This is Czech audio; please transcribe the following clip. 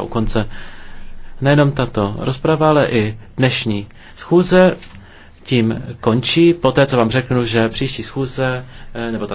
rozprava u konce. Nejenom tato rozprava, ale i dnešní schůze tím končí. Poté, co vám řeknu, že příští schůze, eh, nebo ta